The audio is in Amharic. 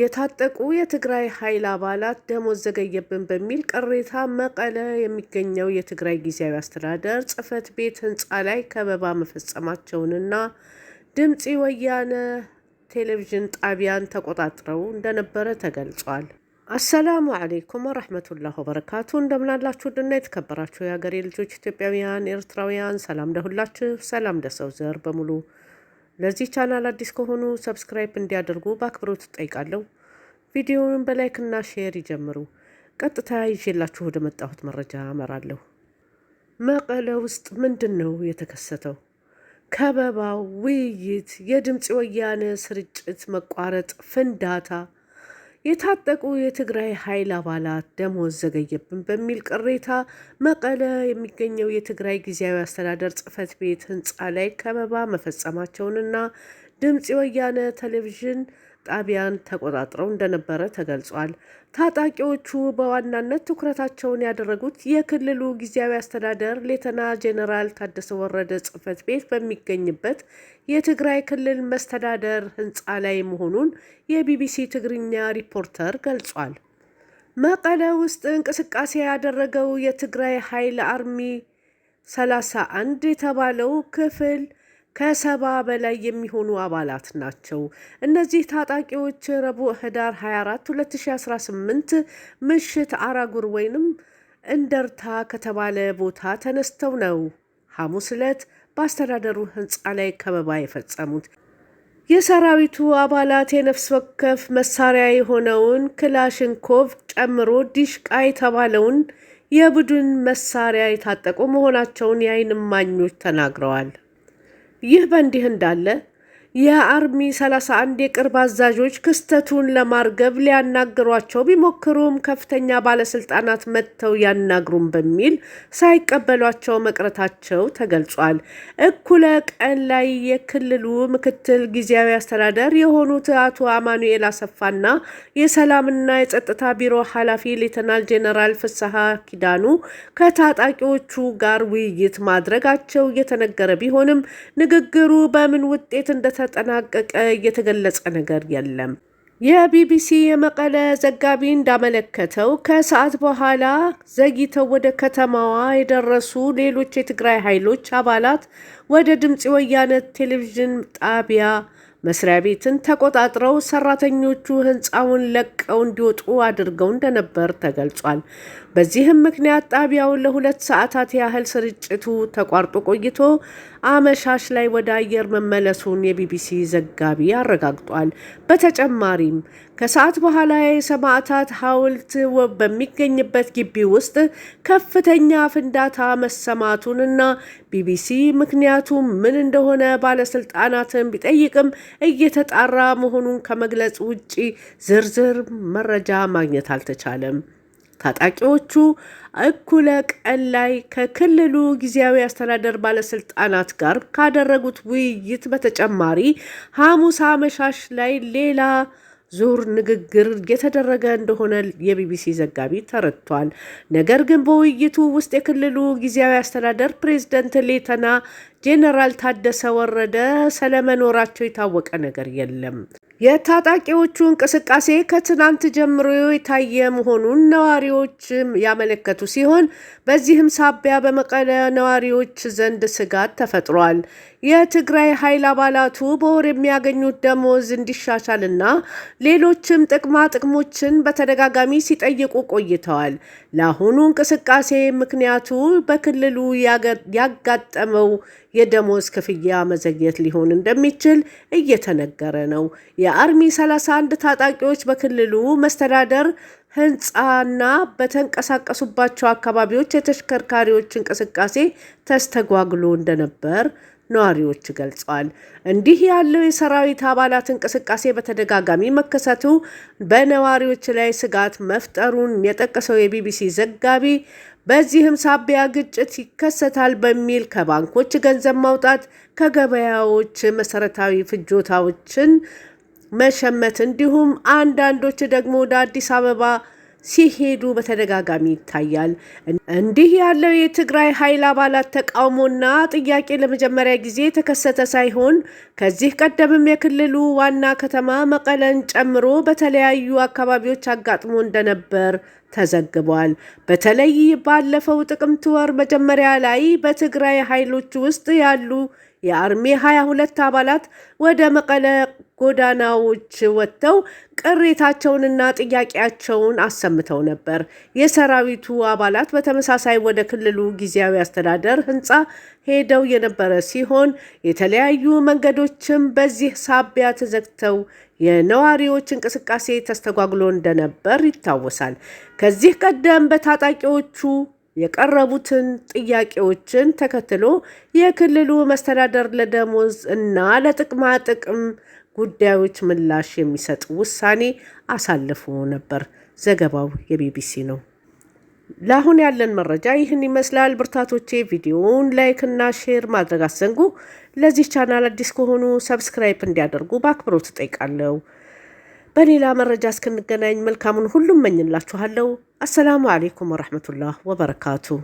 የታጠቁ የትግራይ ኃይል አባላት ደሞዝ ዘገየብን በሚል ቅሬታ መቀለ የሚገኘው የትግራይ ጊዜያዊ አስተዳደር ጽህፈት ቤት ህንፃ ላይ ከበባ መፈጸማቸውንና ድምፂ ወያነ ቴሌቪዥን ጣቢያን ተቆጣጥረው እንደነበረ ተገልጿል። አሰላሙ አሌይኩም ወረሕመቱላህ ወበረካቱ። እንደምናላችሁ ድና የተከበራችሁ የሀገሬ ልጆች ኢትዮጵያውያን፣ ኤርትራውያን ሰላም ደሁላችሁ ሰላም ለሰው ዘር በሙሉ ለዚህ ቻናል አዲስ ከሆኑ ሰብስክራይብ እንዲያደርጉ በአክብሮት እጠይቃለሁ። ቪዲዮውን እና ሼር ይጀምሩ። ቀጥታ ይዤላችሁ ወደ መጣሁት መረጃ አመራለሁ። መቀለ ውስጥ ምንድን ነው የተከሰተው? ከበባው፣ ውይይት፣ የድምፂ ወያነ ስርጭት መቋረጥ፣ ፍንዳታ የታጠቁ የትግራይ ኃይል አባላት ደሞዝ ዘገየብን በሚል ቅሬታ መቀለ የሚገኘው የትግራይ ጊዜያዊ አስተዳደር ጽህፈት ቤት ህንፃ ላይ ከበባ መፈጸማቸውንና ድምፂ ወያነ ቴሌቪዥን ጣቢያን ተቆጣጥረው እንደነበረ ተገልጿል። ታጣቂዎቹ በዋናነት ትኩረታቸውን ያደረጉት የክልሉ ጊዜያዊ አስተዳደር ሌተና ጄኔራል ታደሰ ወረደ ጽሕፈት ቤት በሚገኝበት የትግራይ ክልል መስተዳደር ሕንፃ ላይ መሆኑን የቢቢሲ ትግርኛ ሪፖርተር ገልጿል። መቀለ ውስጥ እንቅስቃሴ ያደረገው የትግራይ ኃይል አርሚ 31 የተባለው ክፍል ከሰባ በላይ የሚሆኑ አባላት ናቸው። እነዚህ ታጣቂዎች ረቡዕ ህዳር 24 2018 ምሽት አራጉር ወይንም እንደርታ ከተባለ ቦታ ተነስተው ነው ሐሙስ ዕለት በአስተዳደሩ ህንፃ ላይ ከበባ የፈጸሙት። የሰራዊቱ አባላት የነፍስ ወከፍ መሳሪያ የሆነውን ክላሽንኮቭ ጨምሮ ዲሽቃ የተባለውን የቡድን መሳሪያ የታጠቁ መሆናቸውን የዓይን እማኞች ተናግረዋል። ይህ በእንዲህ እንዳለ የአርሚ 31 የቅርብ አዛዦች ክስተቱን ለማርገብ ሊያናግሯቸው ቢሞክሩም ከፍተኛ ባለስልጣናት መጥተው ያናግሩም በሚል ሳይቀበሏቸው መቅረታቸው ተገልጿል። እኩለ ቀን ላይ የክልሉ ምክትል ጊዜያዊ አስተዳደር የሆኑት አቶ አማኑኤል አሰፋና የሰላምና የጸጥታ ቢሮ ኃላፊ ሌተናል ጄኔራል ፍስሐ ኪዳኑ ከታጣቂዎቹ ጋር ውይይት ማድረጋቸው እየተነገረ ቢሆንም ንግግሩ በምን ውጤት እንደተ እንደተጠናቀቀ የተገለጸ ነገር የለም። የቢቢሲ የመቀለ ዘጋቢ እንዳመለከተው ከሰዓት በኋላ ዘግይተው ወደ ከተማዋ የደረሱ ሌሎች የትግራይ ኃይሎች አባላት ወደ ድምፂ ወያነ ቴሌቪዥን ጣቢያ መስሪያ ቤትን ተቆጣጥረው ሰራተኞቹ ህንፃውን ለቀው እንዲወጡ አድርገው እንደነበር ተገልጿል። በዚህም ምክንያት ጣቢያውን ለሁለት ሰዓታት ያህል ስርጭቱ ተቋርጦ ቆይቶ አመሻሽ ላይ ወደ አየር መመለሱን የቢቢሲ ዘጋቢ አረጋግጧል። በተጨማሪም ከሰዓት በኋላ የሰማዕታት ሐውልት በሚገኝበት ግቢ ውስጥ ከፍተኛ ፍንዳታ መሰማቱንና ቢቢሲ ምክንያቱ ምን እንደሆነ ባለስልጣናትን ቢጠይቅም እየተጣራ መሆኑን ከመግለጽ ውጪ ዝርዝር መረጃ ማግኘት አልተቻለም። ታጣቂዎቹ እኩለ ቀን ላይ ከክልሉ ጊዜያዊ አስተዳደር ባለስልጣናት ጋር ካደረጉት ውይይት በተጨማሪ ሐሙስ አመሻሽ ላይ ሌላ ዙር ንግግር የተደረገ እንደሆነ የቢቢሲ ዘጋቢ ተረድቷል። ነገር ግን በውይይቱ ውስጥ የክልሉ ጊዜያዊ አስተዳደር ፕሬዝደንት ሌተና ጄኔራል ታደሰ ወረደ ስለመኖራቸው የታወቀ ነገር የለም። የታጣቂዎቹ እንቅስቃሴ ከትናንት ጀምሮ የታየ መሆኑን ነዋሪዎች ያመለከቱ ሲሆን በዚህም ሳቢያ በመቀለ ነዋሪዎች ዘንድ ስጋት ተፈጥሯል። የትግራይ ኃይል አባላቱ በወር የሚያገኙት ደሞዝ እንዲሻሻልና ሌሎችም ጥቅማ ጥቅሞችን በተደጋጋሚ ሲጠይቁ ቆይተዋል። ለአሁኑ እንቅስቃሴ ምክንያቱ በክልሉ ያጋጠመው የደሞዝ ክፍያ መዘግየት ሊሆን እንደሚችል እየተነገረ ነው። የአርሚ 31 ታጣቂዎች በክልሉ መስተዳደር ህንፃና በተንቀሳቀሱባቸው አካባቢዎች የተሽከርካሪዎች እንቅስቃሴ ተስተጓጉሎ እንደነበር ነዋሪዎች ገልጸዋል። እንዲህ ያለው የሰራዊት አባላት እንቅስቃሴ በተደጋጋሚ መከሰቱ በነዋሪዎች ላይ ስጋት መፍጠሩን የጠቀሰው የቢቢሲ ዘጋቢ በዚህም ሳቢያ ግጭት ይከሰታል በሚል ከባንኮች ገንዘብ ማውጣት፣ ከገበያዎች መሰረታዊ ፍጆታዎችን መሸመት እንዲሁም አንዳንዶች ደግሞ ወደ አዲስ አበባ ሲሄዱ በተደጋጋሚ ይታያል። እንዲህ ያለው የትግራይ ኃይል አባላት ተቃውሞና ጥያቄ ለመጀመሪያ ጊዜ የተከሰተ ሳይሆን ከዚህ ቀደምም የክልሉ ዋና ከተማ መቀለን ጨምሮ በተለያዩ አካባቢዎች አጋጥሞ እንደነበር ተዘግቧል። በተለይ ባለፈው ጥቅምት ወር መጀመሪያ ላይ በትግራይ ኃይሎች ውስጥ ያሉ የአርሜ 22 አባላት ወደ መቀለ ጎዳናዎች ወጥተው ቅሬታቸውንና ጥያቄያቸውን አሰምተው ነበር። የሰራዊቱ አባላት በተመሳሳይ ወደ ክልሉ ጊዜያዊ አስተዳደር ህንፃ ሄደው የነበረ ሲሆን የተለያዩ መንገዶችም በዚህ ሳቢያ ተዘግተው የነዋሪዎች እንቅስቃሴ ተስተጓጉሎ እንደነበር ይታወሳል። ከዚህ ቀደም በታጣቂዎቹ የቀረቡትን ጥያቄዎችን ተከትሎ የክልሉ መስተዳደር ለደሞዝ እና ለጥቅማ ጥቅም ጉዳዮች ምላሽ የሚሰጥ ውሳኔ አሳልፎ ነበር። ዘገባው የቢቢሲ ነው። ለአሁን ያለን መረጃ ይህን ይመስላል። ብርታቶቼ ቪዲዮውን ላይክ እና ሼር ማድረግ አትዘንጉ። ለዚህ ቻናል አዲስ ከሆኑ ሰብስክራይብ እንዲያደርጉ በአክብሮት እጠይቃለሁ። በሌላ መረጃ እስክንገናኝ መልካሙን ሁሉም መኝላችኋለሁ። አሰላሙ አሌይኩም ወረሕመቱላህ ወበረካቱ።